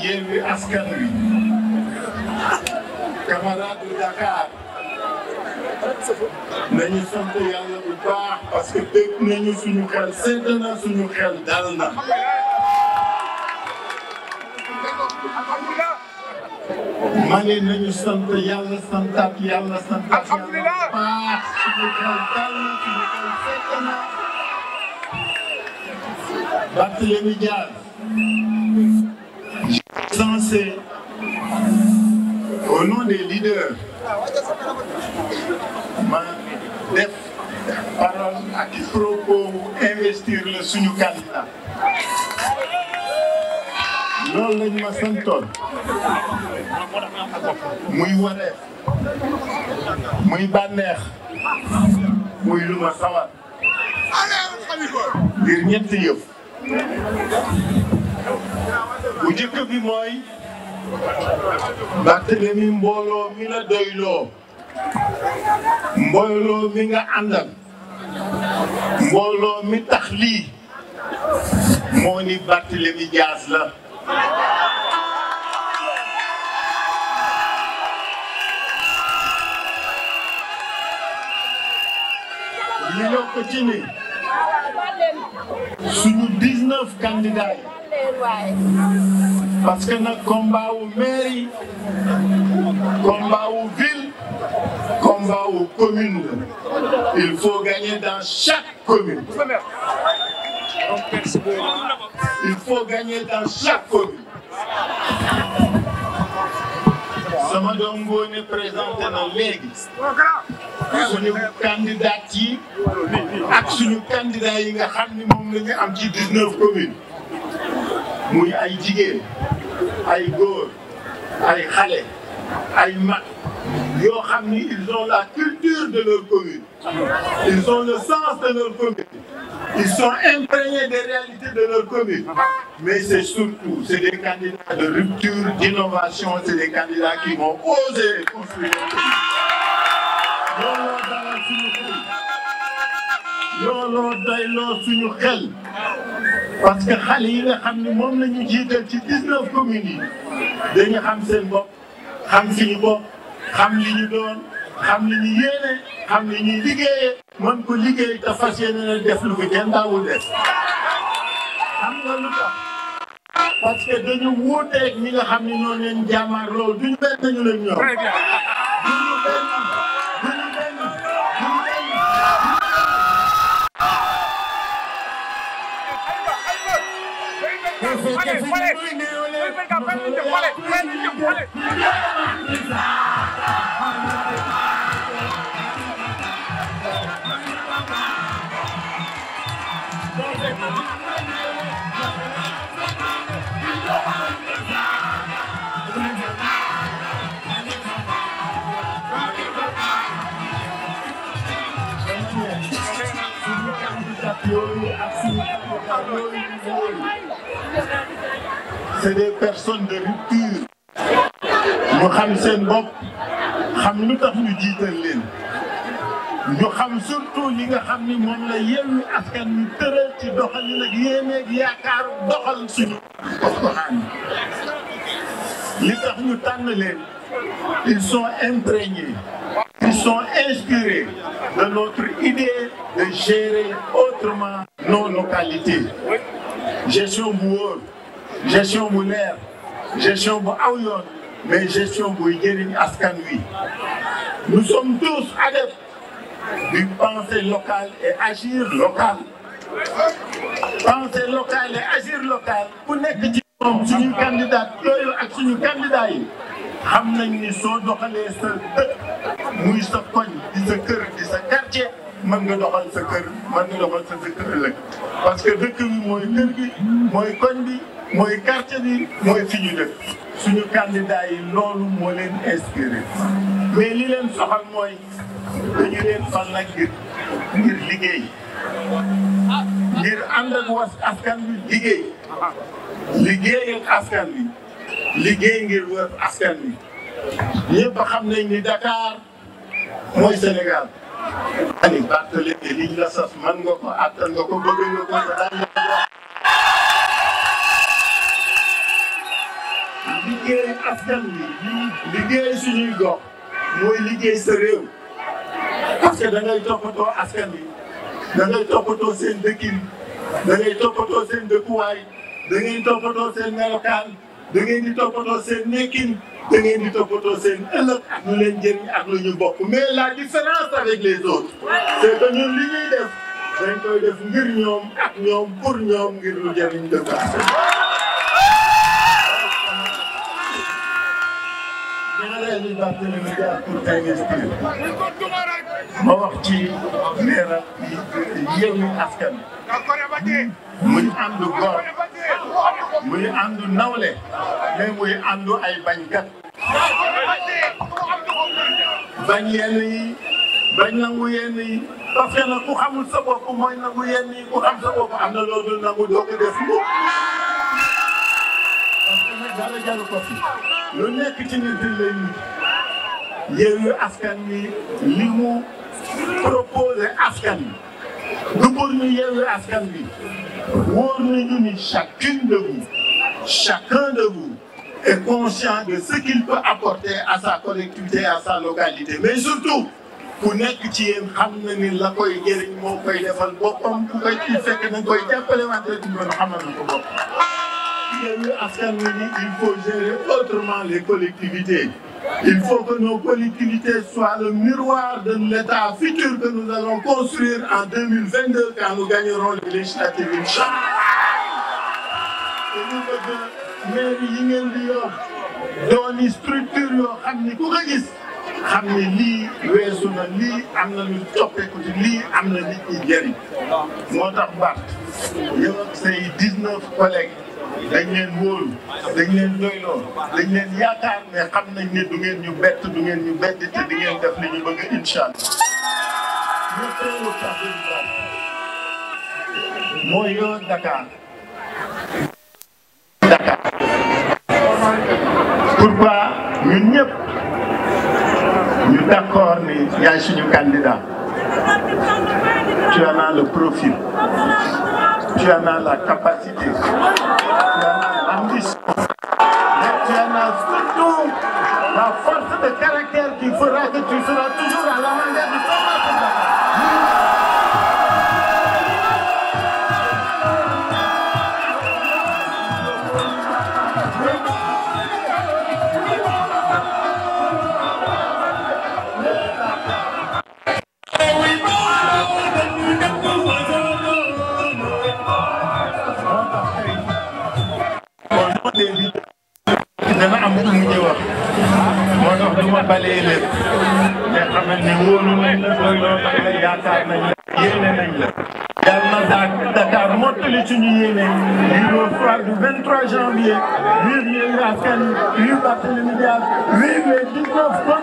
Yewwi Askan Wi camarade de Dakar nañu sant yàlla bu baax parce que dégg nañu suñu xel sedd na suñu xel dal na ma ne nañu sant yàlla santaat yàlla santaat baax suñu xel dal na suñu xel sedd na Barthélémy Dias censé, au nom des leaders, ma def parole ak i investir le suñu candidat. loolu la ma santoon muy wareef muy bànneex muy lu ma sawar ngir ñetti bu bi mooy Barthélemy mbooloo mi la doyloo mbooloo mi nga àndal mbooloo mi tax lii moo ni Barthélemy Dias la ñu yokk ci ni suñu 19 candidats yi parce que nag combat wu mairie combat wu ville combat wu commune il faut gagner dans chaque commune il faut gagner dans chaque commune sama doom ngoone présenté na léegi suñu candidat yi ak suñu candidat nga xam ni moom la ñu am ci 19 communes muy ay jigéen ay góor ay xale ay mag yoo xam ni ils ont la culture de leur commune ils ont le sens de leur commune ils sont imprégnés des réalités de leur commune mais c'est surtout c'est des candidats de rupture d'innovation c'est des candidats qui vont oser construire looloo dalal suñu xel looloo dayloo suñu xel parce que xale yi nga xam ni moom lañu ñu jiital ci 19 communes yi dañu xam seen bopp xam suñu bopp xam li ñu doon xam li ñu yéene xam li ñuy liggéeyee. mën ko liggéey te fas yéene na def lu ko kenn daawul def xam nga lu tax ñi nga xam ni noonu leen jàmmaar loolu duñu benn ñu leen ñor. Boy Belka fan lañ jëm wale fan lañ jëm wale Thank you. c'est des personnes de rupture ñu xam seen bopp xam lu tax ñu jiital leen ñu xam surtout li nga xam ni moom la yewwi askan ñu tëral ci doxalin ak yéeneeg yaakaar doxal suñu gox-goxaan li tax ñu tànn leen ils sont imprégnés ils sont inspirés de notre idée de gérer autrement nos localités gestion bu wóor gestion bu neer gestion bu aw yoon mais gestion buy jëriñ askan wi nous sommes tous adeptes d'une pensée locale et agir local pensée locale et agir local ku nekk ci moom suñu candidat yooyu ak suñu candidat yi xam nañ ni soo doxalee sa dëkk muy sa koñ di sa kër di sa quartier mën nga doxal sa kër mën parce que dëkk bi mooy kër gi mooy koñ bi mooy quartier bi mooy fi ñu dëkk suñu candidat yi loolu moo leen inspiré mais li leen soxal mooy dañu leen fal nag ngir ngir liggéey ngir ànd ak was askan bi liggéey liggéey ak askan liggéey ngir wër askan bi ñëpp xam nañ ni Dakar mooy Sénégal ani man nga ko attan nga ko bëgg nga ko liggéey askan di liggéey suñuy gox mooy liggéey sa réew parce que da ngay toppatoo askan bi da seen dëkkin da ngay toppatoo seen dëkkuwaay da ngay toppatoo seen melokaan da ngeen di toppatoo seen nekkin da ngeen di toppatoo seen ëllëg ak lu leen ak lu ñu bokk mais la différence avec les autres c'est que ñun li def dañ koy def ngir ñoom ak ñoom pour ñoom ngir lu jëriñ dëkk ñaareelu Barthélémy Dias pour tey nga ci ma wax ci leeral Yewwi muy àndu góor muy àndu nawle mais muy àndu ay bañ yenn bañ nangu yenn yi parce que nag ku xamul sa bopp mooy nangu yenn ku xam sa bopp am na loolu nangu doo ko def parce que nag dara jaru ko fi lu nekk ci nit di lay Yewwi Askan Wi li mu proposé askan wi du pour ñu Yewwi Askan Wi wóor nañu ni chacune de vous chacun de vous conscient de ce qu'il peut apporter à sa collectivité à sa localité mais surtout ku nekk ci yéen xam na ni la koy jëriñ moo koy defal boppam ku koy ci fekk na koy jàppale wante du mën xamal na ko boppam Yewwi Askan Wi ni il faut gérer autrement les collectivités il faut que nos collectivités soient le miroir de l'état futur que nous allons construire en 2022 quand nous gagnerons les législatives inchallah te ñu bëgg mairie yi ngeen di yor dooni structure yoo xam ni ku ko gis xam ni lii weesu na lii am na lu coppeeku ci lii am na nit ñi jëriñ moo tax Bart yow ak say 19 collègues dañ leen wóolu dañ leen doyloo dañ leen yaakaar ne xam nañ ne du ngeen ñu bett du ngeen ñu bett te di ngeen def li ñu bëgg incha allah. mooy yoo Dakar. Dakar. pourquoi ñun ñëpp ñu d'accord ni yaay suñu candidat. tu en tu en as la capacité, tu en as l'ambition, mais tu en as surtout la force de caractère qui fera que tu seras toujours moo tax du ma balee lépp te xamal ne wóolu nañ la doy loo nañ la yaakaar nañ la yéene nañ la. yàlla na daal Dakar mottali suñu yéene numéro 3 du 23 janvier vive la scène vive Barthélémy Dias vive les 19